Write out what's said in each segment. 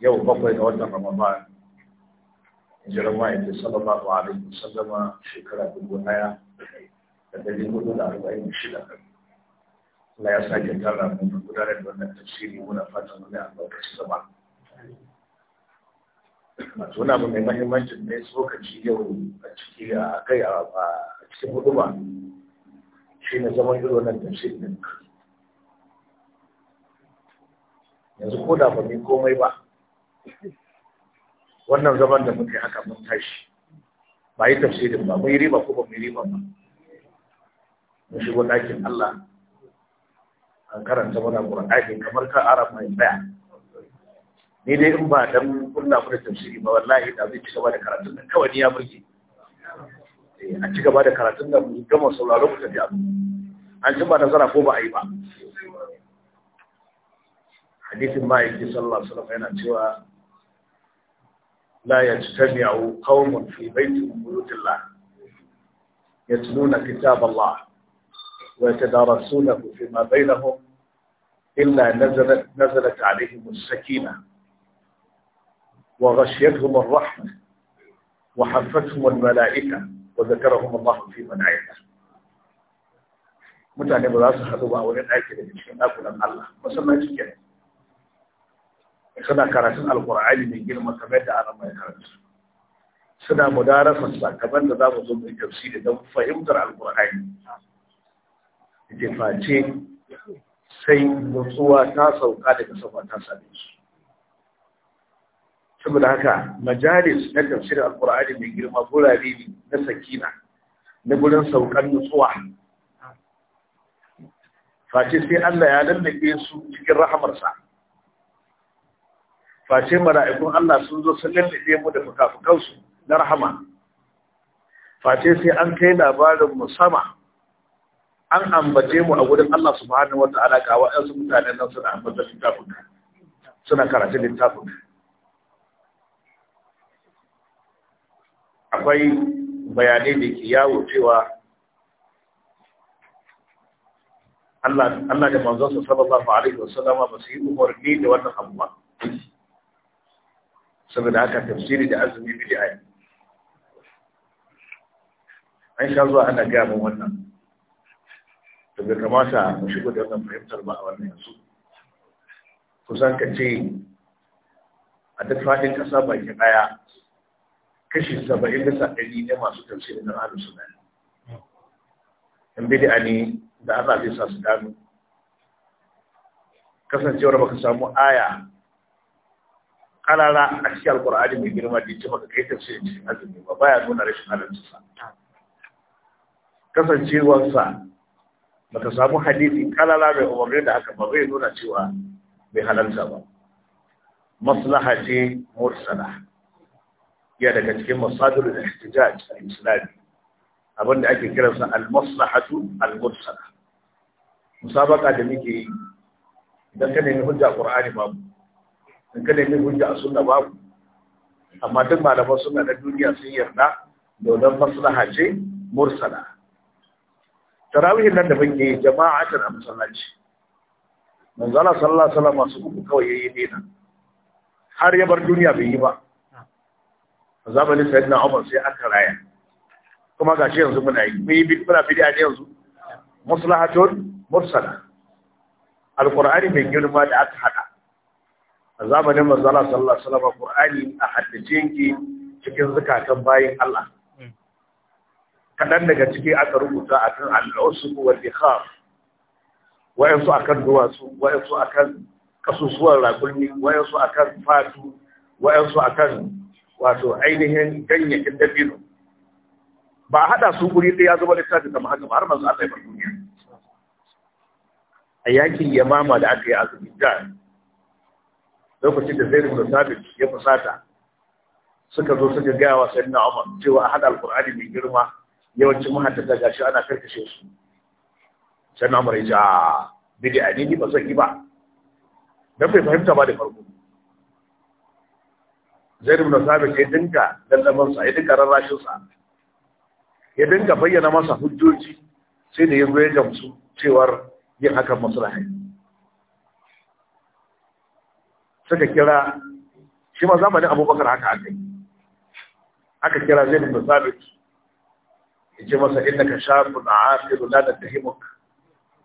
yau bakwai ga watan Ramadan hijirar ma'aikin sallallahu alaihi wasallama shekara dubu daya da dari hudu da arba'in da shida Allah ya sake tara mu da gudanar da wannan tafsiri muna fatan wani albarkaci zama wato wani abu mai mahimmanci ne tsokaci yau a ciki a kai a cikin huduma shi ne zaman irin wannan tafsirin yanzu ko da ba mai komai ba wannan zaman da muka yi haka mun tashi ba yi tafsirin ba mun yi riba ko ba mun yi riba ba mun shigo ɗakin Allah an karanta mana Qur'ani kamar ka ara mai tsaya ni dai in ba dan kunna mu da tafsiri ba wallahi da zai ci gaba da karatun nan kawai ni ya burge eh, a ci gaba da karatun nan mu gama sauraro ku tafi abu an ci ba nasara ko ba a yi ba hadisin ma'aiki sallallahu alaihi wasallam yana cewa لا يجتمع قوم في بيت من بيوت الله يتلون كتاب الله ويتدارسونه فيما بينهم إلا نزلت, نزلت عليهم السكينة وغشيتهم الرحمة وحفتهم الملائكة وذكرهم الله في من عنده متى ba za su haɗu ba wurin ɗaki suna karatun alkur'ani mai girma kamar da ana mai karatu suna mudarasa sakamar da za mu zo mai tafsiri don fahimtar alkur'ani ita face sai nutsuwa ta sauka daga sama ta same su saboda haka majalis na tafsirin alkur'ani mai girma gurare ne na sakina na gurin saukan nutsuwa face sai Allah ya lallake su cikin rahamarsa face mala'ikun Allah sun zo sun lalle mu da fukafukansu na rahama face sai an kai labarin mu sama an ambace mu a wurin Allah subhanahu wata'ala ga wa'ansu mutanen nan suna ambata littafin suna karatu littafin akwai bayanai da ke yawo cewa Allah da manzonsa sallallahu alaihi wasallama ba su yi umarni da wannan abu ba saboda haka tafsiri da azumi bi ne an sha zuwa ana gaya min wannan to bai kamata mu shigo da wannan fahimtar ba a wannan yanzu kusan ka ce a duk faɗin ƙasa baki ɗaya kashi saba'in bisa ɗari ne masu tafsirin na ahlus sunna in da ne da Allah zai sa su gano kasancewar baka samu aya karara a cikin alkur'ani mai girma da ce maka kai tafsirin cikin azumi ba baya nuna rashin sa kasancewarsa baka samu hadisi karara mai umarni da aka ba zai nuna cewa bai halarta ba maslaha ce mursala ya daga cikin masadir da ihtijaj al-islami abinda ake kiransa al-maslahatu al-mursala musabaka da muke yi idan ka nemi hujja qur'ani babu in ka nemi hujja a sunna babu amma duk malaman sunna na duniya sun yarda domin maslaha ce mursala tarawihin nan da muke ta a masallaci manzo Allah sallallahu alaihi wasallam su uku kawai yayi dena har ya bar duniya bai yi ba a zamanin sayyidina Umar sai aka raya kuma gashi yanzu muna yi mun yi bid'a fi da yanzu maslahatun mursala alqur'ani mai girma da aka hada a zamanin manzala sallallahu alaihi wasallam Qur'ani a haddace yake cikin zakatan bayin Allah hmm. kadan daga ciki aka rubuta akan al usbu wal wa wayansu akan duwatsu wayansu akan kasusuwan rakulmi wayansu akan fatu wayansu akan wato ainihin ganyakin dabino ba hada su guri ɗaya zuba littafi kamar haka har manzo Allah ya bar duniya a yakin yamama da aka yi azumi da lokacin da zai da sabit ya fusata suka zo suka gaya wa na Umar cewa a hada alqur'ani mai girma yawancin ga shi ana karkashe su na Umar ya ce a bid'a ba zan yi ba dan bai fahimta ba da farko Zaid ibn Sabit ya dinka lallaban sa ya dinka rarrashin sa ya dinka bayyana masa hujjoji sai da ya zo ya gamsu cewar yin hakan masu rahayi suka kira shi ma zamanin abubakar haka aka yi aka kira zai da sabit ya ce masa inda ka sha shafi na afiru na da tahimuk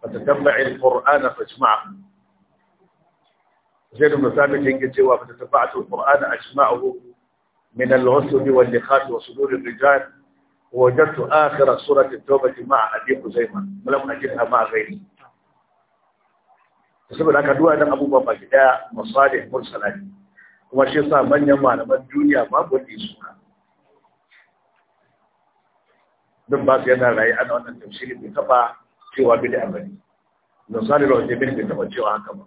ba ta tambayin ƙor'ana shi ma'a zai da sabit yanke cewa ba ta tabbata ƙor'ana a jima'ahu min al-husuli wal liqat wa sudur ar-rijal wajadtu akhir surati at-tawbah ma'a abi kuzaima lam ajiyar ma'a ghayrihi saboda haka duwa nan abubuwa ba ki daya masalih mursalat kuma shi yasa manyan malaman duniya babu wanda su suka don ba su yana rayu ana wannan tafsirin, bai taba cewa bi da amali don sani da wajen bai taba cewa haka ba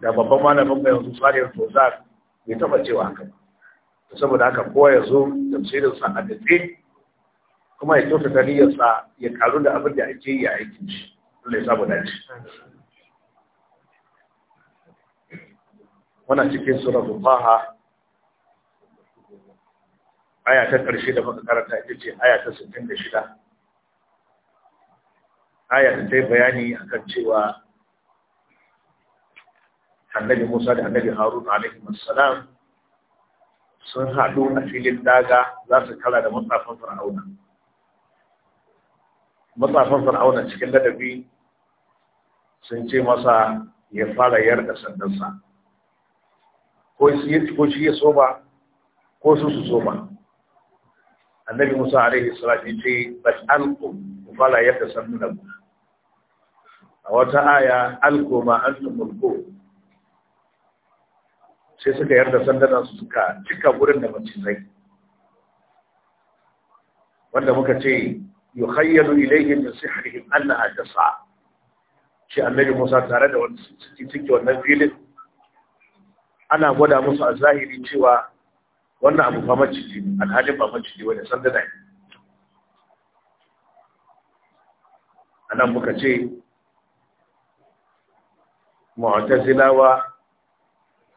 da babban malamin mai yanzu sani da tozar bai taba cewa haka ba saboda haka ko ya zo tafsirin sa a dace kuma ya tofa niyyarsa ya karu da abin da ake yi a aikin shi Allah ya samu dace muna cikin suratul Taha aya ta ƙarshe da muka karanta ita ce aya ta 66 aya ta yi bayani akan cewa annabi Musa da annabi Harun alaihi assalam sun haɗu a filin daga za su kala da matsafan fir'auna matsafan fir'auna cikin ladabi sun ce masa ya fara yarda sandansa ko shi ya ba ko su su ba annabi musa alaihi salatu ce bas'alku fala yatasannu a wata aya alku ma antum mulku sai suka yarda sandanan su suka cika gurin da mace sai wanda muka ce yukhayyalu ilayhi min sihrihim annaha tas'a shi annabi Musa tare da wani cikin wannan filin ana gwada musu a zahiri cewa wannan abu ba maciji alhalin ba maciji wani sanduna yi. a nan muka ce mu'tazilawa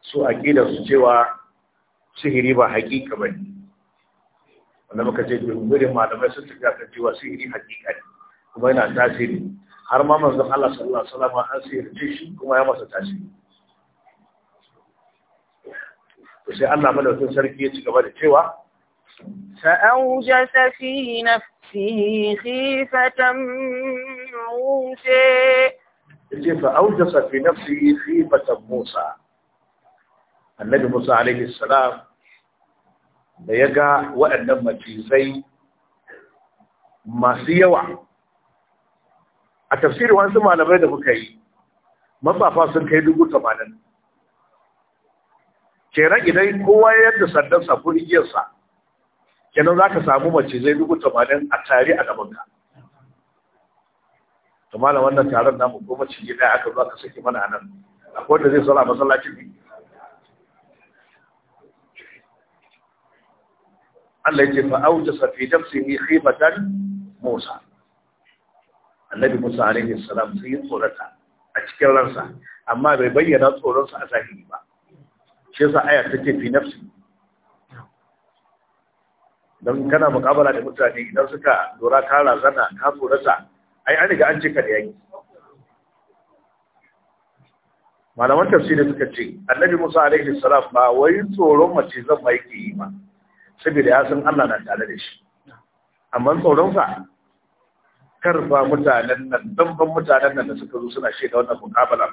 su a su cewa sihiri ba haƙiƙa ba ne wanda muka ce gurin malamai sun tafiya kan cewa sihiri haƙiƙa ne kuma yana tasiri har ma manzon Allah sallallahu alaihi wasallam an sihirce shi kuma ya masa tasiri sai Allah madaukin sarki ya ci gaba da cewa sa'aujasa fi nafsi khifatan musa yace sa'aujasa fi khifatan musa annabi musa alayhi da ya ga waɗannan macizai masu yawa a tafsirin wasu malamai da muka yi mafafa sun kai dubu tamanin kenan idan kowa ya yadda sandan ko igiyarsa kenan za ka samu mace zai dubu tamanin a tare a gabanka to malam wannan taron namu ko mace gida aka zo aka saki mana nan akwai wanda zai sala masallacin ne Allah ya ce fa aujasa fi ni khifatan Musa annabi Musa alaihi salam sai ya tsorata a cikin ransa amma bai bayyana tsoronsa a zahiri ba shi yasa aya take fi nafsi don kana mukabala da mutane idan suka lura ka razana ka tsorata ai an riga an ce da yayi malaman tafsiri suka ce annabi musa alaihi salam ba wai tsoron mace zan ba yake yi ba saboda ya san allah na tare da shi amma tsoronsa karfa mutanen nan ban mutanen nan da suka zo suna shaida wannan mukabala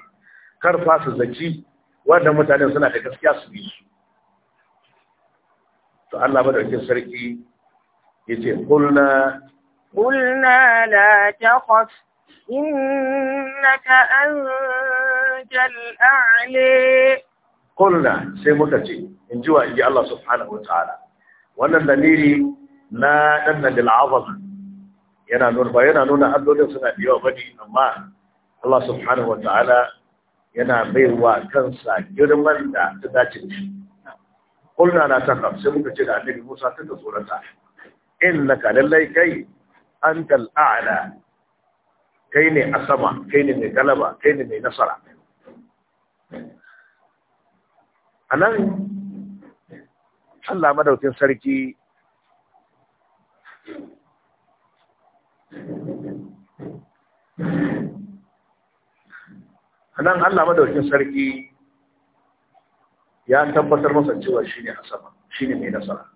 karfa su zaci wannan mutanen suna da gaskiya su bi su to Allah madaukin sarki yace qulna qulna la takhaf innaka antal a'li Kulna sai muka ce in ji wa in ji Allah subhanahu wataala wannan dalili na danna dil azam yana nuna ba yana nuna allolin suna da yawa bane amma Allah subhanahu wataala yana baiwa kansa girman da ta dace da shi kulna na ta sai muka ce da annabi Musa ta da tsorata innaka lallai kai an a'la kai ne a sama kai ne mai galaba kai ne mai nasara A nan, Allah madaukin sarki anan Allah madaukin sarki ya tabbatar masa cewa shine sama shine mai nasara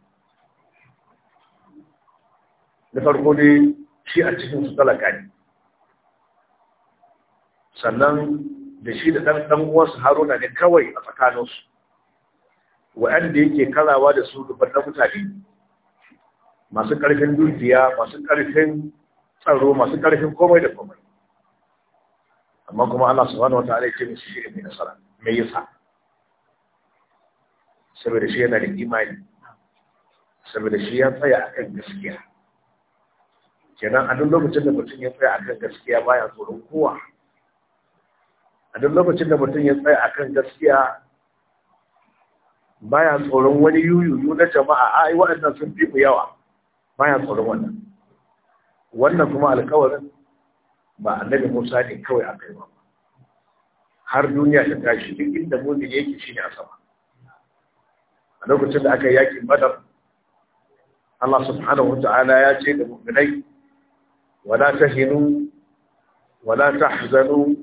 da farko ne shi a cikin su talaka ne sannan da shi da ɗan ɗan uwansu haruna ne kawai a tsakaninsu wa'anda yake karawa da su dubban na mutane masu ƙarfin dukiya masu ƙarfin tsaro masu ƙarfin komai da komai amma kuma Allah subhanahu wataala yake ce musu shi mai nasara me yasa saboda shi yana da imani saboda shi ya tsaya akan gaskiya kenan a duk lokacin da mutum ya tsaya akan gaskiya baya tsoron kowa a duk lokacin da mutum ya tsaya akan gaskiya baya tsoron wani yuyuyu na jama'a ai waɗannan sun fi mu yawa baya tsoron wannan wannan kuma alkawarin ba annabi Musa ne kawai a kai ba har duniya ta tashi duk inda ne yake shine a sama a lokacin da aka yaki badar Allah subhanahu wata'ala ya ce da mu'minai wala tahinu wala tahzanu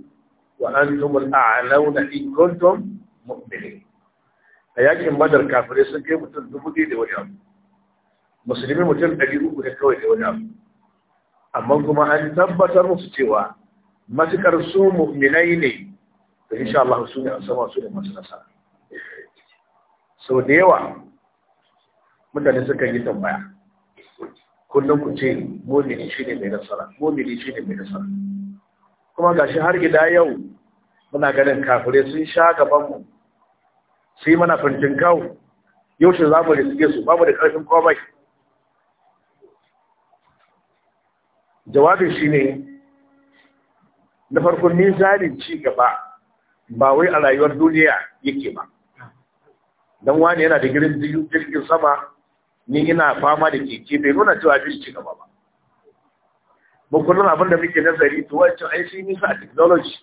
wa antum al-a'launa in kuntum mu'minin a yakin badar kafirai sun kai mutum dubu da wani abu musulmi mutum ɗari uku ne kawai da wani abu amma kuma an tabbatar musu cewa matukar su mu'minai ne to insha Allah su ne a sama su ne masu nasara sau da yawa mutane suka yi tambaya kullum ku ce mumini shi ne mai nasara mumini shi ne mai nasara kuma gashi har gida yau muna ganin kafire sun sha gabanmu sai mana fintin kawo yau shi za mu riske su ba mu da ƙarfin komai jawabin shi ne na farko mizanin ci gaba ba wai a rayuwar duniya yake ba don wani yana da girin jirgin sama ni ina fama da keke bai nuna cewa bin ci gaba ba mu kullum abin da muke nazari to wacce ai sai nisa a technology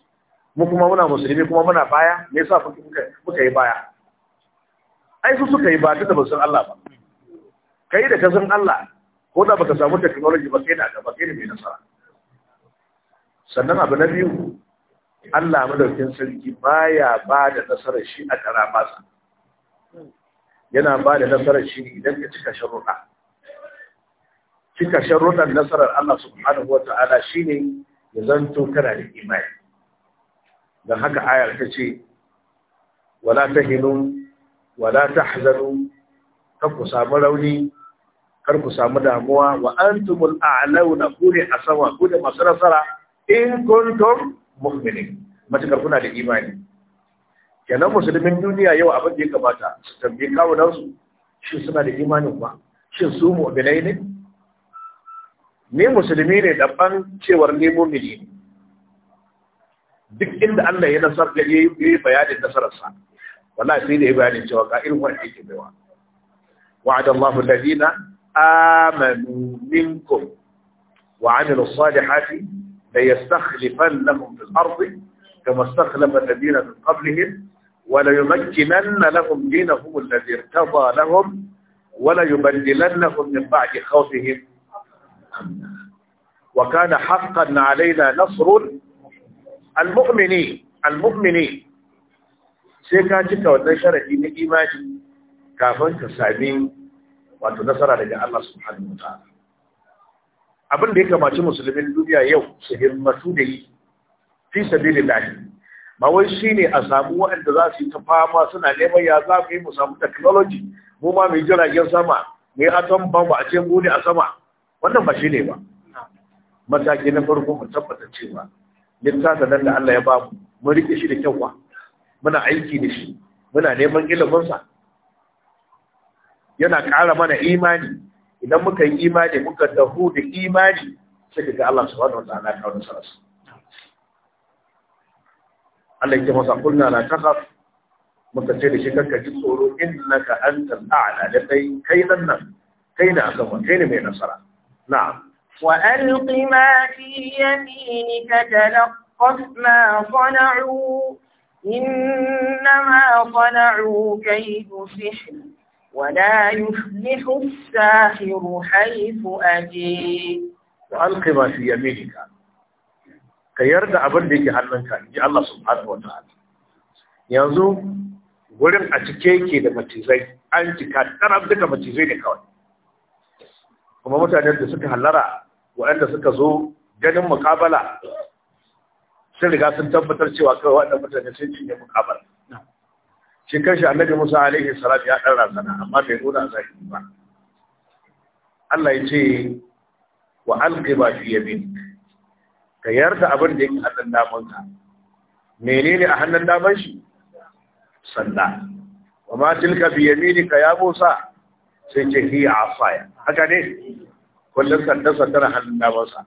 mu kuma muna musulmi kuma muna baya me yasa muka yi baya ai su suka yi ba tunda ba san Allah ba kai da ka san Allah ko da baka samu technology ba kai na gaba kai ne mai nasara sannan abu na biyu Allah madaukin sarki baya ba da nasarar shi a sa yana ba da nasarar shi idan ka cika sharuɗa cika sharuɗan nasarar Allah subhanahu wata'ala shine ya zanto kana da imani dan haka ayar ta ce wala tahinu wala tahzanu ta ku samu rauni kar ku samu damuwa wa antumul a'launa ku ne a sama ku da masu nasara in kuntum mu'minin matakar kuna da imani kenan musulmin duniya yau abin da ya kamata su kawo kawunan su shin suna da imanin ba shin su mu'minai ne ni musulmi ne daban cewar ni mu'mini ne duk inda Allah ya nasar da ya yi bayanin nasararsa wallahi sai da ya bayanin cewa ka irin wanda yake baiwa wa'ada Allahu alladhina آمنوا منكم وعملوا الصالحات ليستخلفنهم في الأرض كما استخلف الذين من قبلهم وليمكنن لهم دينهم الذي ارتضى لهم وليبدلنهم من بعد خوفهم وكان حقا علينا نصر المؤمنين المؤمنين سيكاتك ka cika wannan sharadi na wato nasara daga Allah subhanahu ta'ala abin da ya kamaci musulmin duniya yau su himmatu da yi fi sabilillah ba wai shine a samu waɗanda za su yi ta fama suna neman ya za mu yi mu samu technology mu ma mu jiragen sama mu yi atom bomb a ce mu ne a sama wannan ba shine ba mataki na farko mu tabbata cewa littafin nan da Allah ya ba mu mun rike shi da kyau muna aiki da shi muna neman iliminsa yana ƙara mana imani idan muka yi imani muka dahu da imani sai ga Allah subhanahu wa ta'ala ya kawo nasara Allah ya masa kulna na takhaf muka ce da shi kanka ji tsoro innaka antal a'la da kai kai nan nan kai ne akan wa kai ne mai nasara na'am wa alqi ma fi yaminika ma sana'u innama sana'u kaydu sihr ولا يفلح الساحر حيث أجي وألقي ما في يمينك ka yarda abin da yake hannunka in ji Allah subhanahu wa ta'ala yanzu gurin a cike yake da macizai an cika tarab duka macizai ne kawai kuma mutanen da suka hallara waɗanda suka zo ganin mukabala sun riga sun tabbatar cewa kawai waɗanda mutane sun cinye mukabala shi kanshi annabi Musa alaihi salatu ya dan razana amma bai gona zahiri ba Allah ya ce wa alqi ba fi yamin ka yarda abin da yake hannun daman ka menene a hannun daman shi sanda wa ma tilka bi yaminika ya Musa sai ce hi asaya haka ne kullun sanda sanda hannun daman sa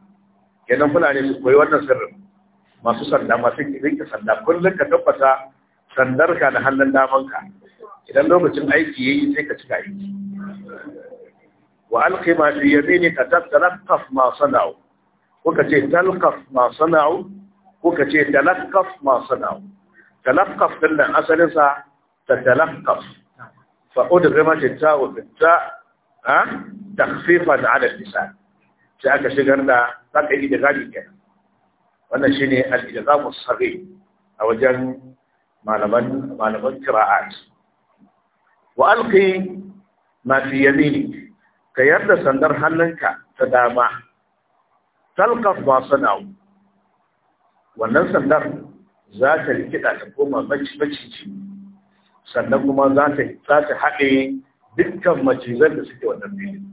kenan fulani su koyi wannan sirrin masu sanda masu rike sanda kullun ka tabbata sandarka da hannun damanka idan lokacin aiki ya yi sai ka cika aiki wa alkhima fi yamini ka tatalqaf ma sana'u ka ce talqaf ma sana'u ka ce talaqqaf ma sana'u talaqqaf din nan asalin sa tatalaqqaf fa udghimat at ta wa ta ha takhfifan 'ala al-lisan sai aka shigar da ka yi da gadi kenan wannan shine al-idgham as-saghir a wajen malaman malaman qira'at wa alqi ma fi yamini ka yarda sandar hannunka ta dama talqaf ma sana'u wannan sandar za ta rikida ta koma macici sannan kuma za ta za ta haɗe dukkan macizan da suke wannan filin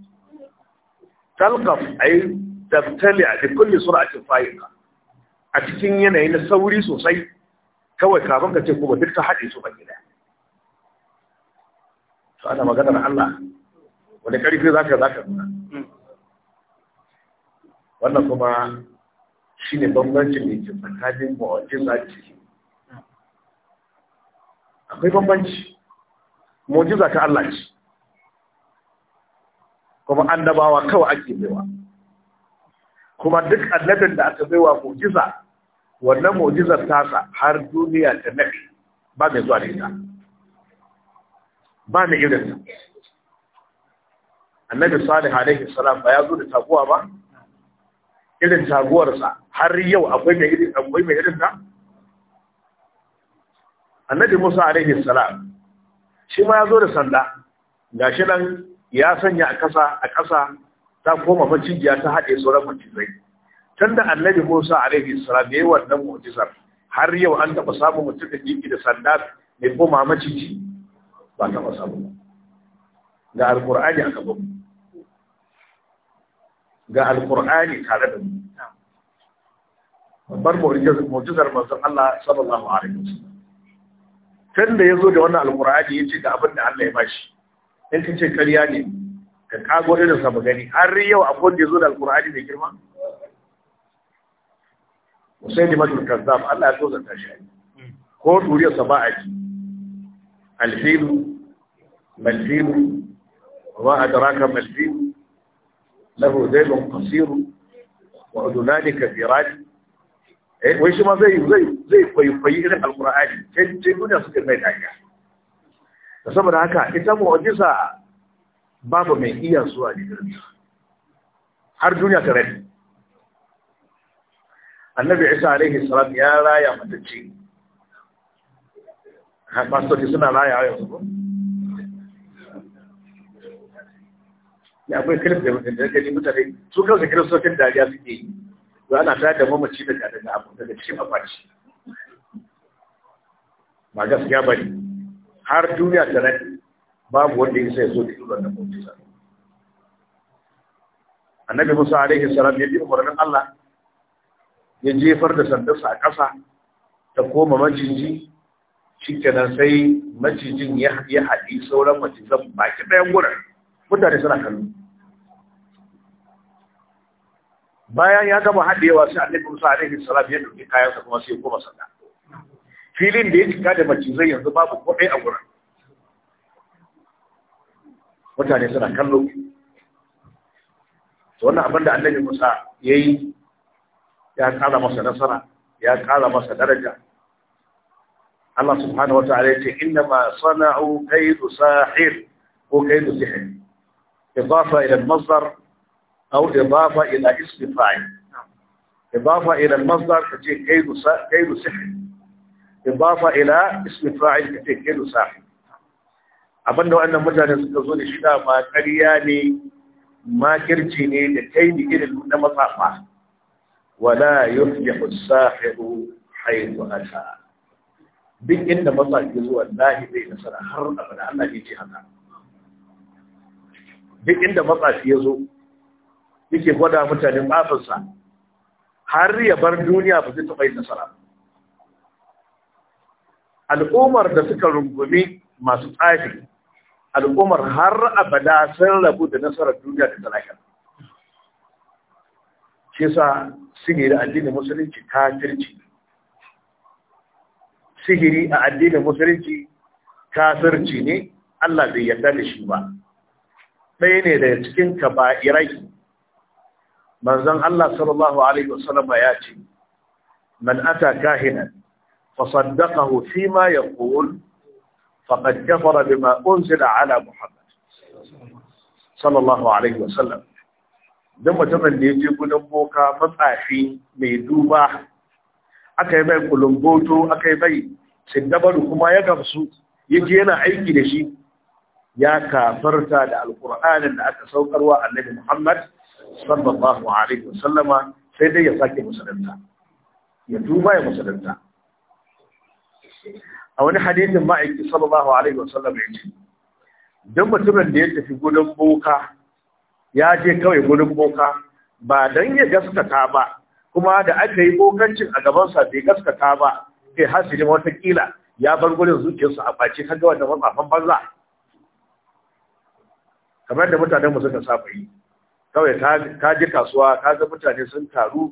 talqaf ay tabtali a kulli sur'atin fa'iqa a cikin yanayi na sauri sosai kawai kafin ka ce kuma duk ka haɗe su baki ɗaya to ana maganar Allah wani ƙarfi za ka za ka nuna wannan kuma shi ne bambancin da ke tsakanin mu'ajiza ciki. akwai bambanci za ta Allah ce kuma annabawa kawai ake baiwa kuma duk annabin da aka baiwa mu'ajiza wannan mu'jizar tasa har duniya ta nafi ba mai zuwa da ita ba mai irin ta annabi salih alaihi salam ba ya zo da taguwa ba irin taguwarsa har yau akwai mai irin akwai mai irin ta annabi musa alaihi salam shi ma ya zo da sanda gashi nan ya sanya a ƙasa a kasa ta koma macijiya ta haɗe sauran macizai tunda annabi Musa alaihi salam yayi wannan mu'jizar har yau an taba samu mutum da yake da sanda mai koma maciji ba taba samu ga alqur'ani aka bamu ga alqur'ani tare da mu babbar mu'jizar manzon Allah sallallahu alaihi wasallam tunda yazo da wannan alqur'ani yace ga abin da Allah ya bashi in kace ƙarya ne ka kago irin sa gani har yau akwai da yazo da alqur'ani mai girma sai da matul kazzab Allah ya tozarta shi ko duriyarsa ba a ji alfilu malfilu wa adraka malfilu lahu zailun qasiru wa udunalika firadi eh wai shi ma zai zai zai kwaikwayi irin alqur'ani sai sai duniya su mai dariya da saboda haka ita mu'jiza babu mai iya zuwa ne har duniya ta rabi annabi isa alaihi salam ya raya matacce fasoci suna raya yanzu ya akwai kirif da mutum da gani mutane su kansu kiristocin dariya suke yi to ana tayar da mamaci daga daga abu daga cikin akwaci ba gaskiya ba ne har duniya ta rai babu wanda ya sai zo da irin wannan mutum annabi musa alaihi salam ya bi umarnin allah ya jefar da sandarsa a ƙasa ta koma maciji kenan sai macijin ya haɗi sauran macizan baki ɗayan gurin mutane suna kallo bayan ya gama haɗewa sai annabi Musa alaihi salam ya ɗauki kayansa kuma sai ya koma sanda filin da ya cika da macizai yanzu babu kuɗai a gurin mutane suna kallo wannan abin da annabi Musa ya yi ya ƙara masa nasara ya ƙara masa daraja Allah subhanahu wa ta'ala yace inna ma sana'u kaydu sahir ko kaydu sihr idafa ila al-masdar aw idafa ila ism fa'il idafa ila al-masdar kace kaydu kaydu sihr idafa ila ism fa'il kace kaydu sahir da wannan mutane suka zo da shi da ma ƙarya ne ma kirci ne da kaidi irin na matsafa wala yuflihu as-sahiru haythu ata duk inda matsafi zuwa lahi zai nasara har abada Allah ya ce haka duk inda matsafi ya zo yake gwada mutane matsinsa har ya bar duniya ba zai taɓa yin nasara al'ummar da suka rungumi masu tsafi al'ummar har abada sun rabu da nasarar duniya da talakar shi sa sihiri addinin musulunci kafirci sihiri a addinin musulunci kafirci ne Allah bai yarda da shi ba ɗaya ne daga cikin kaba'irai manzon Allah sallallahu alaihi wasallam ya ce man ata kahinan fa saddaqahu fima yaqul faqad kafara bima unzila ala muhammad sallallahu alaihi wasallam don mutumin da ya je gudun boka matsafi mai duba aka yi mai kulumboto aka yi mai sindabaru kuma ya gamsu ya je yana aiki da shi ya kafarta da alkur'anin da aka saukarwa annabi muhammad sallallahu alaihi wasallama sai dai ya sake musulunta ya duba ya musulunta a wani hadisin ma'aiki sallallahu alaihi wasallama ya ce don mutumin da ya tafi gudun boka ya je kawai gurin boka ba don ya gaskata ba kuma da aka yi bokancin a gabansa bai gaskata ba kai hasili watakila ya bar gurin zuciyarsa a ɓace kan gawar da mafafan banza kamar da mutanenmu suka saba yi kawai ka ji kasuwa ka ga mutane sun taru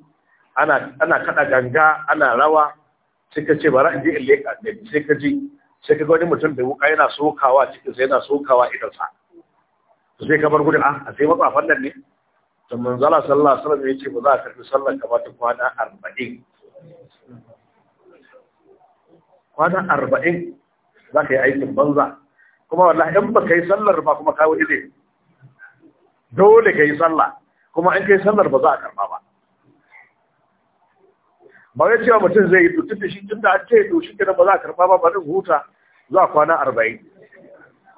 ana kaɗa ganga ana rawa sai ka ce bara in je in leƙa sai ka ji sai ka ga wani mutum da wuka yana sokawa cikinsa yana sokawa idansa sai kamar gudun ah, a sai matsafan nan ne to manzala sallallahu alaihi wasallam yace ba za a karfi sallar ka ba ta kwana 40 kwana 40 za ka yi aikin banza kuma wallahi in ba ka yi sallar ba kuma kawo ile dole ka yi sallah kuma in ka yi sallar ba za a karba ba ba wai cewa mutum zai yi tutun da shi tun da an ce to shi kenan ba za a karba ba ba din huta za a kwana arba'in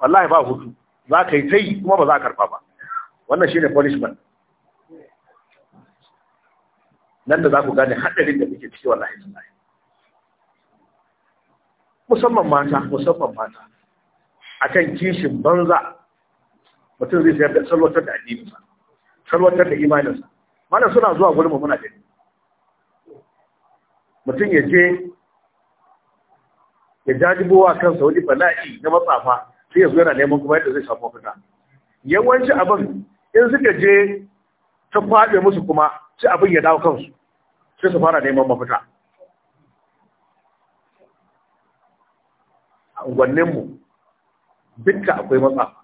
wallahi ba hutu za ka yi ta yi kuma ba za a karɓa ba wannan shi ne punishment nan da za ku gane haɗarin da muke ciki wallahi tallahi musamman mata musamman mata akan kishin banza mutum zai sayar da salwatar da addininsa salwatar da imaninsa mana suna zuwa gurin mu muna gani mutum ya je ya jajibowa kansa wani bala'i na matsafa sai ya zo yana neman kuma yadda zai samu mafita yawanci abin in suka je ta faɗe musu kuma sai abin ya dawo kansu sai su fara neman mafita a unguwanninmu duka akwai matsafa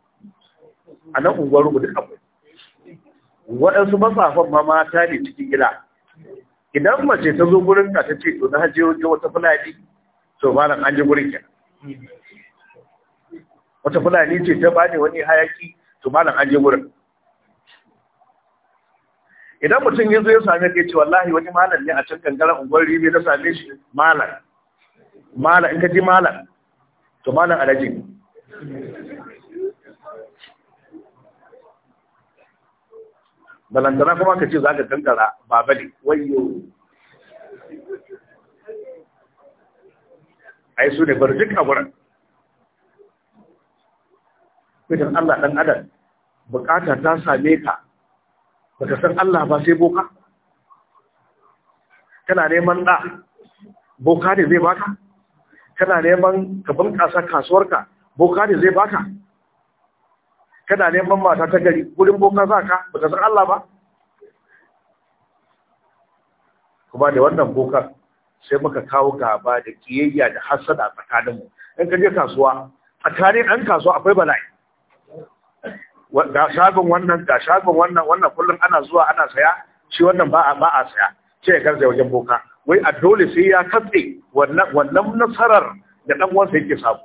a nan unguwarmu duka akwai waɗansu matsafan ma mata ne cikin gida idan mace ta zo gurin ka ta ce to na hajiyar wata fulani to malam an ji gurin kenan wata fulani ce ta bani wani hayaki to malam an je wurin idan mutum ya zo ya same ka ce wallahi wani malam ne a can kankara unguwar ribe na same shi malam malam in ka ji malam to malam alaji balantana kuma ka ce za ka kankara ne, wayo ai su ne bar duk a wurin fitan Allah ɗan adam bukata ta same ka baka san Allah ba sai boka kana neman ɗa boka ne zai baka kana neman ka bunƙasa kasuwarka boka ne zai baka kana neman mata ta gari gurin boka za ka baka san Allah ba kuma da wannan bokar sai muka kawo gaba da kiyayya da hasada tsakaninmu in ka je kasuwa tsakanin an kasuwa akwai bala'i ga shagon wannan ga shagon wannan wannan kullum ana zuwa ana saya shi wannan ba a ba a saya ce ya garzaya wajen boka wai a dole sai ya katse wannan wannan nasarar da dan uwansa yake samu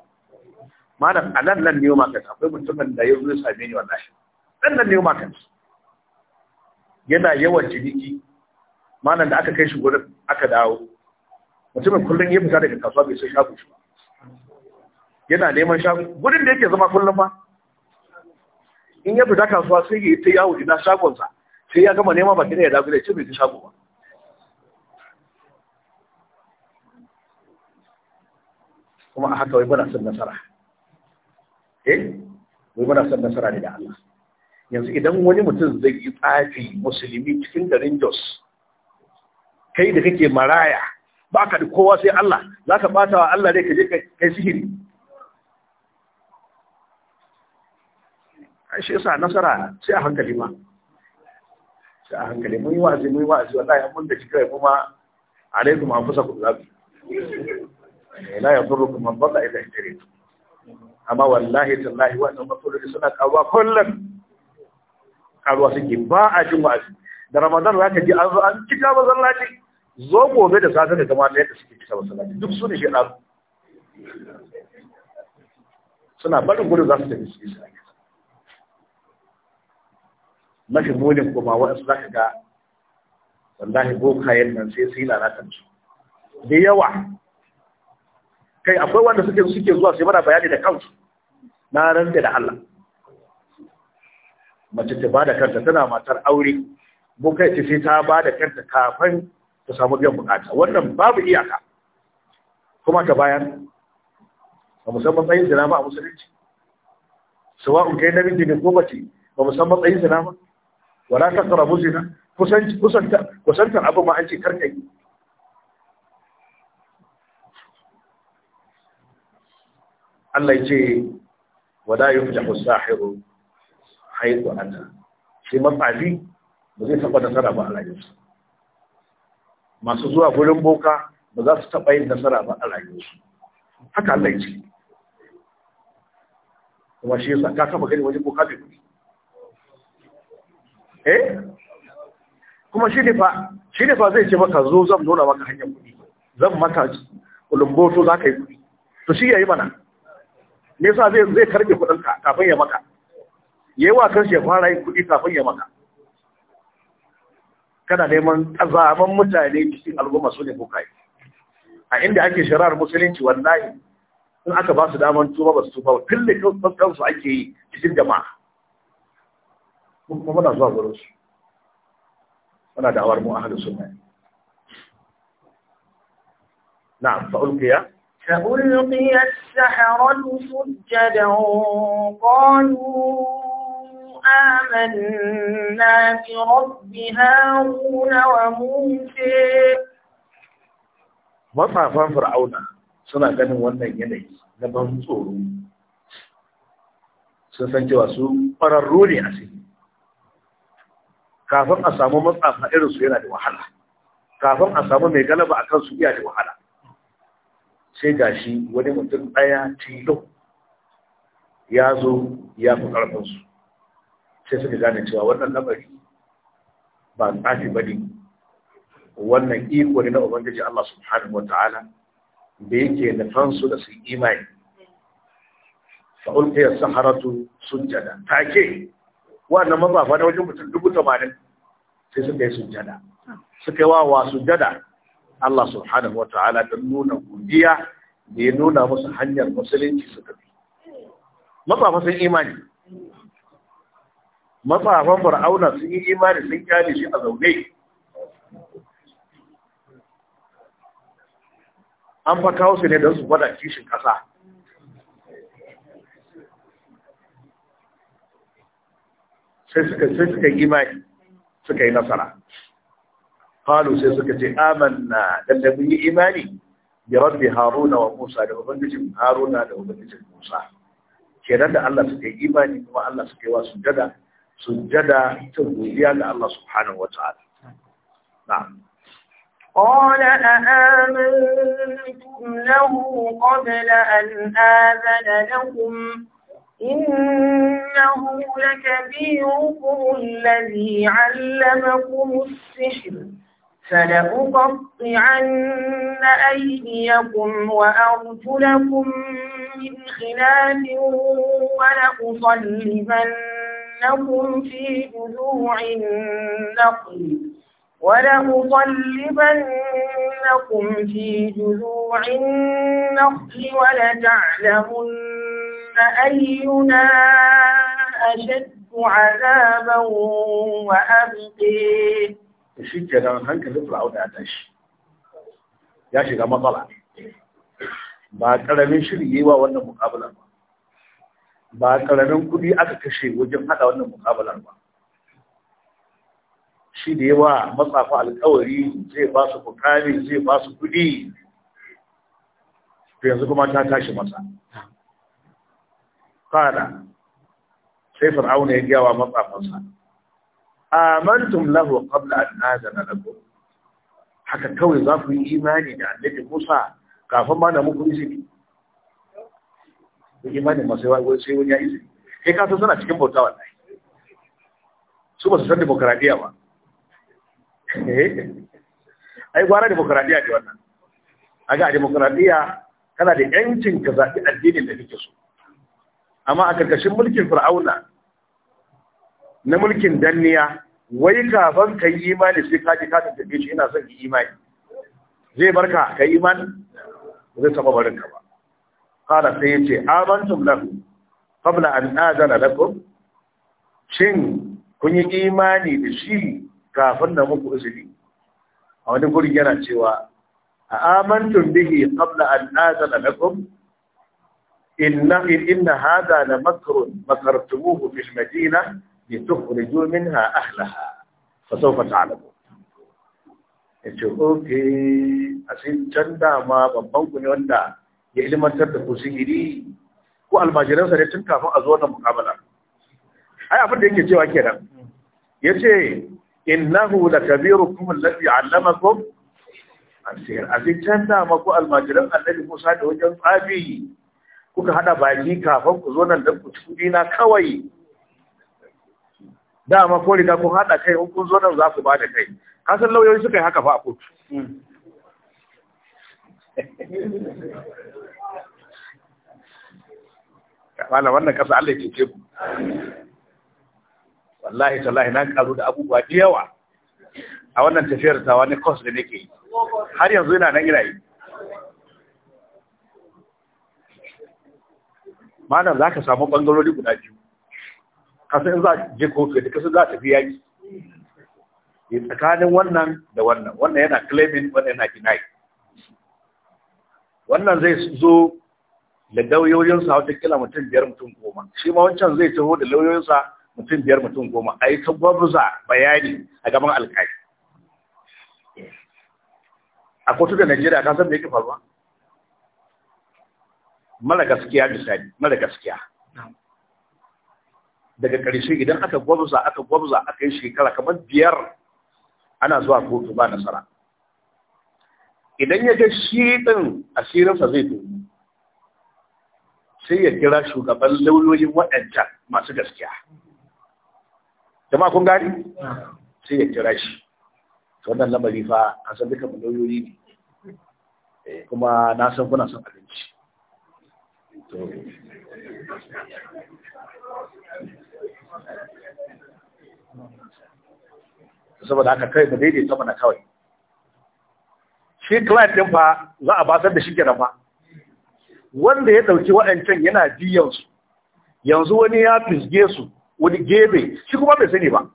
malam anan nan ne maka akwai mutumin da ya zo ya same ni wallahi dan nan ne maka yana yawan jiniki malam da aka kai shi gurin aka dawo mutumin kullum ya fita daga kasuwa bai sai shago shi ba yana neman shago gurin da yake zama kullum ba in ya fita kasuwa sai ya ta yawo ina shagonsa sai ya gama nema bakin ya dagu da ce bai ta shago ba kuma a haka wai muna son nasara eh wai muna son nasara ne da Allah yanzu idan wani mutum zai yi tsafi musulmi cikin garin Jos kai da kake maraya baka da kowa sai Allah zaka bata wa Allah dai ka je kai sihiri shi yasa nasara sai a hankali ma sai a hankali mun yi wa'azi mun yi wa'azi wallahi an mun da shi kai kuma alaikum anfusakum zabi eh, la yadurrukum man dalla ila hijrit amma wallahi tallahi wannan isna suna kullun kullum karuwa suke ba a jin wa'azi da ramadan zaka ji an zo an cika masallaci zo gobe da safe da jama'a yadda suke cika masallaci duk su ne shi suna barin gudu za su tafi su yi mafi munin kuma waɗansu za ka ga wallahi kayan nan sai su yi lalatar su da yawa kai akwai wanda suke suke zuwa sai mana bayani da kansu na rantsa da Allah mace ta bada kanta tana matar aure kai ce sai ta bada kanta kafin ta samu biyan bukata wannan babu iyaka kuma ta bayan ba musamman tsayin zina ba a musulunci sawa'un kai namiji ne ko mace ba musamman tsayin zina ba wala taqrabu zina kusanci kusanta kusanta abu ma an ce karka yi Allah ya ce wala yufjahu sahiru haitu ata sai matsafi ba zai taɓa nasara ba a rayuwarsa masu zuwa gurin boka ba za su taɓa yin nasara ba a rayuwarsu haka Allah ya ce kuma shi yasa ka taba gani wajen boka bai kuɗi eh kuma shi ne fa shi ne fa zai ce maka zo zan nuna maka hanyar kuɗi zan maka ulumboto za ka yi kuɗi to shi ya yi mana me yasa zai zai karɓe kuɗinka kafin ya maka ya yi wa kanshi ya fara yin kuɗi kafin ya maka kana neman azaman mutane cikin al'umma su ne bukai a inda ake shirar musulunci wallahi in aka ba su daman tuba ba su tuba kulle kansu ake yi cikin jama'a kuma muna zuwa gurin su muna da'awar mu ahlus sunna na'am fa ulqiya fa ulqiya as-saharatu na fi آمنا برب هارون وموسى مصافan fir'auna suna ganin wannan yanayi na ban tsoro sun san cewa su ƙwararru ne a sini. kafin a samu matsafa irinsu yana da wahala kafin a samu mai galaba a kansu iya da wahala sai ga shi wani mutum ɗaya tilo ya zo ya fi ƙarfinsu sai suka gane cewa wannan lamari ba tsafi ba ne wannan iko ne na ubangiji Allah subhanahu Ta'ala. da yake fansu da su imani fa'ulkiyar saharatu sujjada take wannan mazafa na wajen mutum dubu tamanin sai suka yi sujjada suka yi wa wa sujjada Allah subhanahu wa ta'ala don nuna godiya da ya nuna musu hanyar musulunci suka tafi mazafa sun imani mazafan fir'auna sun yi imani sun kyale shi a zaune an fa kawo su ne don su gwada kishin ƙasa sai suka sai suka yi imani suka yi nasara qalu sai suka ce amanna da da mun yi imani bi rabbi haruna wa musa da ubangijin haruna da ubangijin musa kenan da Allah suka yi imani kuma Allah suka yi wa sujada sujada ta godiya ga Allah subhanahu wa ta'ala قال أآمنتم له قبل أن آذن لكم إنه لكبيركم الذي علمكم السحر فلأقطعن أيديكم وأرجلكم من خلاف ولأصلبنكم في جذوع النقل ولأصلبنكم في جذوع النخل ولتعلمن فأينا أشد عذابا وأبقي shi ke nan hankalin fir'auna ya tashi ya shiga matsala ba karamin shirye wa wannan mukabalar ba ba karamin kudi aka kashe wajen hada wannan mukabalar ba shi da yawa matsafa alkawari zai ba su kukami zai ba su kudi yanzu kuma ta tashi masa qala sai fir'auna ya gaya wa matsafansa amantum lahu qabla an adana lakum haka kawai za ku yi imani da annabi Musa kafin ma na muku izini imanin masu yawa sai wani ya izini kai ka san suna cikin bauta wallahi su ba su san demokradiya ba ai gwara demokradiya ne wannan a ga demokradiya kana da yancin ka zaɓi addinin da kake so amma a karkashin mulkin fir'auna na mulkin danniya wai kafin ka yi imani sai ka ji ka tattabe shi ina son yi imani zai barka ka yi imani zai taba barin ka ba qala sai ce amantum lahu qabla an azana lakum shin kun yi imani da shi kafin da muku izini a wani gurin yana cewa a amantum bihi qabla an azana lakum inna inna hada la makrun makartumuhu fil madina litukhrijū minhā ahlaha fa sawfa ta'lamun yace okay asin can dama babban ku ne wanda ya ilmantar da ku sihiri ko almajiransa ne tun kafin a zo wannan mukamala ai abin da yake cewa kenan yace innahu lakabirukum alladhi 'allamakum asir asin can dama ku almajiran annabi Musa da wajen tsabi kuka hada baki kafin ku zo nan dan ku ci na kawai dama ko riga kun hada kai in kun zo nan za ku ba kai ka san lauyoyi suka yi haka fa a kotu wala wannan kasa Allah ya ce ku wallahi tallahi na karu da abubuwa da yawa a wannan tafiyar tawa ne course da nake yi har yanzu ina nan ina yi malam za ka samu bangarori guda biyu kasan za a je kotu da kasan za a tafi yaki ya eh, tsakanin wannan da wannan wannan yana claiming wannan yana deny wannan zai zo da lauyoyinsa wata kila mutum biyar mutum goma shi ma wancan zai taho da lauyoyinsa mutum biyar mutum goma a yi tabbabuza bayani a gaban alkali a kotu da najeriya kasan da yake faruwa mara gaskiya misali mara gaskiya daga ƙarshe idan aka gwamza aka gwamza aka yi shekara kamar biyar ana zuwa kotu ba nasara idan ya ga shi ɗin asirinsa zai tono sai ya kira shugaban lauyoyin waɗanta masu gaskiya jama'a kun gani sai ya kira shi wannan lamari fa a san duka lauyoyi ne eh, kuma na san kuna son abinci saboda haka kai mu daidaita mana kawai shi client din fa za a basar da shi kenan fa wanda ya dauki waɗancan yana biyan su yanzu wani ya fisge su wani gebe shi kuma bai sani ba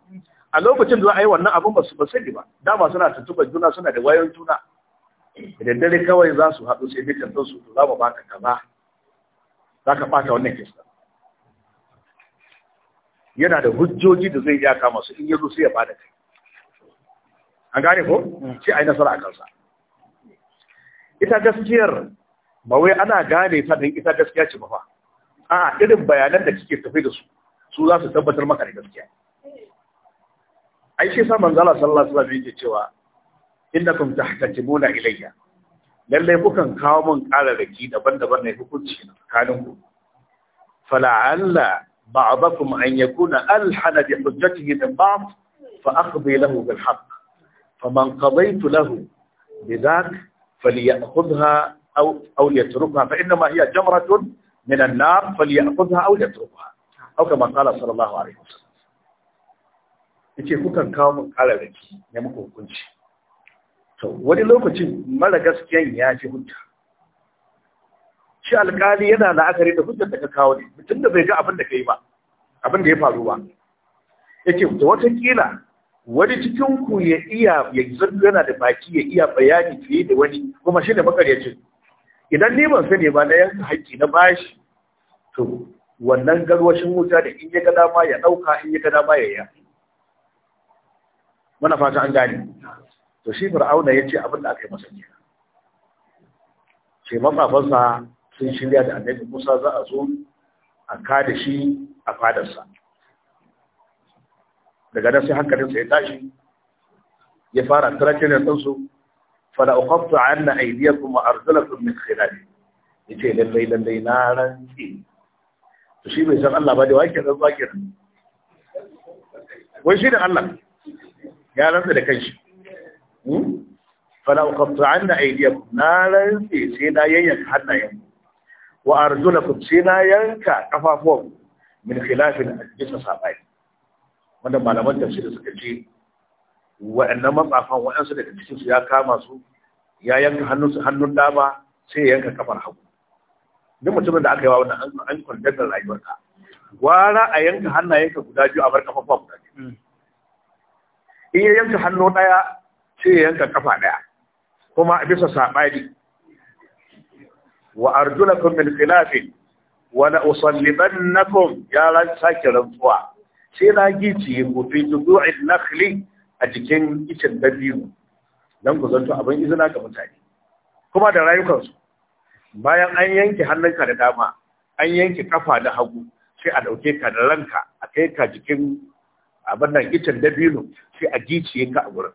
a lokacin da za a yi wannan abin ba su sani ba dama suna tuntuɓar juna suna da wayan juna da dare kawai za su haɗu sai dai tantar su za mu baka kaza za ka ɓata wannan kista yana da hujjoji da zai iya kama su in sai ya bada kai an gane ko sai yi nasara a kansa ita gaskiyar ba wai ana gane ta don ita gaskiya ce ba fa a'a irin bayanan da kike tafi da su su za su tabbatar maka da gaskiya ai sa manzala sallallahu alaihi wasallam yake cewa innakum tahtajibuna ilayya lallai kukan kawo min ƙararraki daban-daban na hukunci na tsakanin ku fala'alla ba'dakum an yakuna alhana bi hujjatihi min ba'd fa aqdi lahu bil haqq faman qadaytu lahu bidhak falyakhudha aw aw yatrukha fa inma hiya jamratun min an-nar falyakhudha aw yatrukha aw kama qala sallallahu alaihi wasallam yace kukan kawo min ƙararraki ne muku hukunci to wani lokacin mara gaskiyan ya ce hujja shi alkali yana la'akari da hujjar da ka kawo ne mutum da bai ga abin da ka yi ba abin da ya faru ba ce da watakila wani cikin ku ya iya ya zargi yana da baki ya iya bayani fiye da wani kuma shi ne makaryacin idan ni ban sani ba na yanka haƙƙi na bashi to wannan garwashin wuta da in ya ga dama ya ɗauka in ya ga dama ya yi muna fata an gane to shi fir'auna ya ce abin da aka yi masa kenan ce matsafansa sun shirya da annabi musa za a zo a da shi a fadarsa daga nan sai hankalinsa ya tashi ya fara yanzu ɗansu fada ukwamta a yana aidiyar kuma arzilasun min khilali ya ce lallai lallai na rantsi to shi bai san allah ba da wakil zan zakir wai shi da allah ya rantsa da kanshi Hmm? fa uqatta anna aydiyakum na rantsi sai na yayyanka hannayen wa arjulakum sai na yanka kafafuwan min khilafin ajisa sabai wanda malaman tafsir suka ce wa'annan matsafan wa'ansu daga cikin su ya kama su ya yanka hannunsu hannun dama sai ya yanka kafar hagu duk mutumin da aka yi wa wannan an an kwantar rayuwarka gwara a yanka hannayenka guda biyu a bar kafafuwa guda biyu hmm. in ya yanka hannu daya sai ya yanka kafa daya kuma bisa sabani wa arjulakum min khilaf wa la usallibannakum ya ran sake rantsuwa sai na gici ku fi dudu'il nakhli a jikin icin dabiru dan ku abin izina ga mutane kuma da rayukansu bayan an yanke hannunka da dama an yanke kafa da hagu sai a dauke ka da ranka a kai ka jikin abin nan icin dabino sai a giciye ka a gurin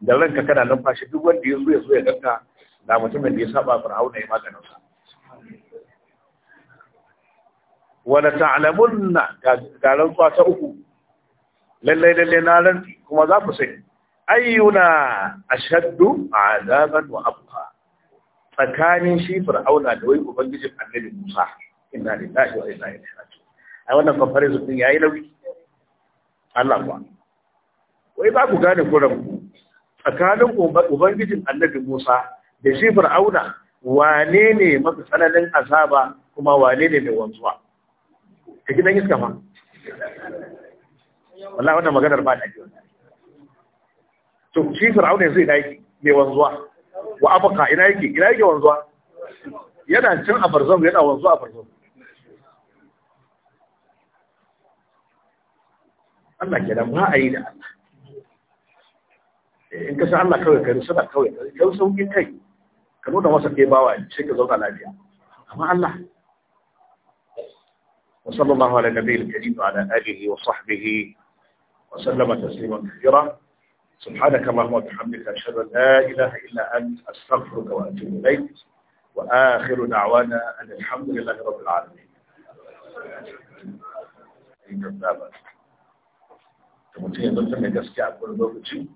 da ranka kana numfashi duk wanda ya zo ya zo ya ganka da mutumin da ya saba fir'auna ya maganin sa wa la ta'lamunna ga rantsuwa ta uku lallai lallai na rantsi kuma za ku sani ayyuna ashaddu azaban wa abqa tsakanin shi fir'auna da wai ubangijin annabi Musa inna lillahi wa inna ilaihi raji'un ai wannan comparison din yayi nauyi Allah ba wai ba ku gane ko ranku tsakanin ubangijin annabi Musa da shi Fir'auna wane ne mafi tsananin azaba kuma wane ne mai wanzuwa ka gidan iska ma wallahi wannan maganar ba da jiwa to shi Fir'auna yanzu ina yake mai wanzuwa wa abaka ina yake ina yake wanzuwa yana cin a barzan yana wanzuwa a barzan Allah kenan ba a yi da Allah Eh, in ka Allah kawai ka rusuna kawai ka yi kai ka nuna masa ke bawa sai ka zauna lafiya amma Allah وصلى الله على النبي الكريم وعلى آله وصحبه وسلم تسليما كثيرا سبحانك اللهم وبحمدك أشهد أن لا إله إلا أنت أستغفرك وأتوب إليك وآخر دعوانا أن الحمد لله رب العالمين gaskiya a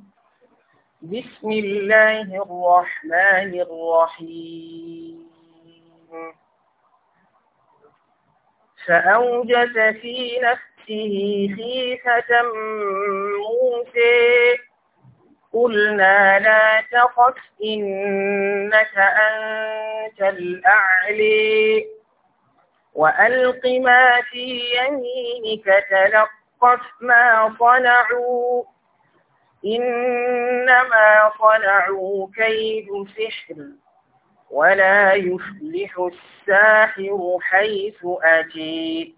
بسم الله الرحمن الرحيم فأوجس في نفسه خيفة موسى قلنا لا تخف إنك أنت الأعلي وألق ما في يمينك تلقف ما صنعوا إنما صنعوا كيد سحر ولا يفلح الساحر حيث أتيت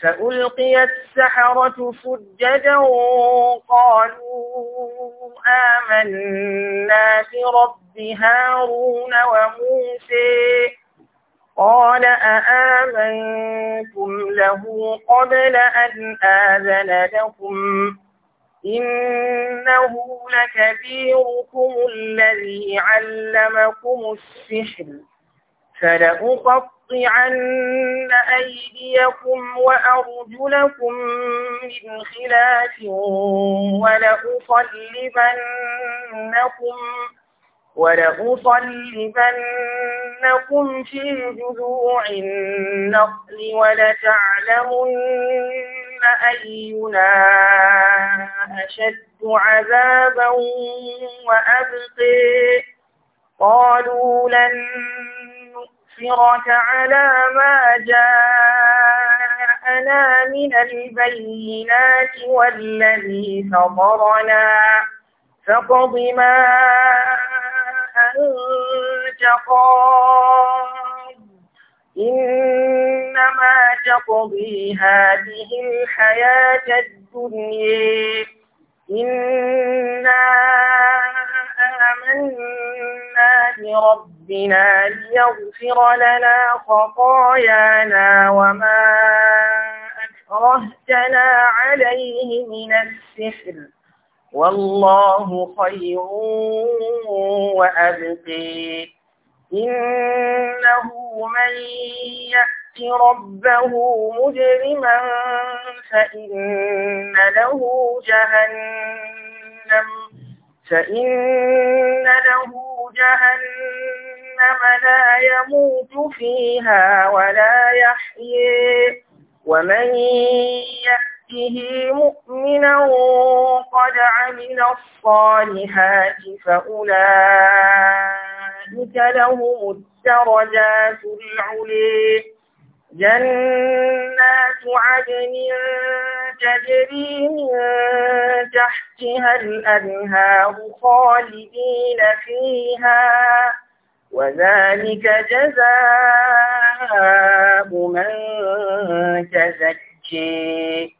فألقي السحرة سجدا قالوا آمنا برب هارون وموسى قال أآمنتم له قبل أن آذن لكم إنه لكبيركم الذي علمكم السحر فلأقطعن أيديكم وأرجلكم من خلاف ولأصلبنكم ولأصلبنكم في جذوع النخل ولتعلمن أينا أشد عذابا وأبقي قالوا لن نؤثرك على ما جاءنا من البينات والذي فطرنا فاقض ما أنت قال إنما تقضي هذه الحياة الدنيا إنا آمنا بربنا ليغفر لنا خطايانا وما أكرهتنا عليه من السحر والله خير وأبقي إنه من يأت ربه مجرما فإن له جهنم فإن له جهنم لا يموت فيها ولا يحيي ومن يأته مؤمنا قد عمل الصالحات فأولئك ذلك لهم الدرجات العلي جنات عدن تجري من تحتها الأنهار خالدين فيها وذلك جزاء من تزكي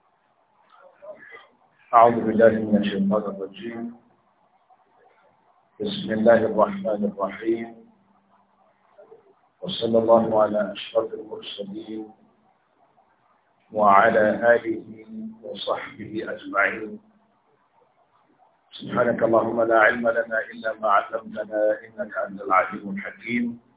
أعوذ بالله من الشيطان الرجيم بسم الله الرحمن الرحيم وصلى الله على أشرف المرسلين وعلى آله وصحبه أجمعين سبحانك اللهم لا علم لنا إلا ما علمتنا إنك أنت العليم الحكيم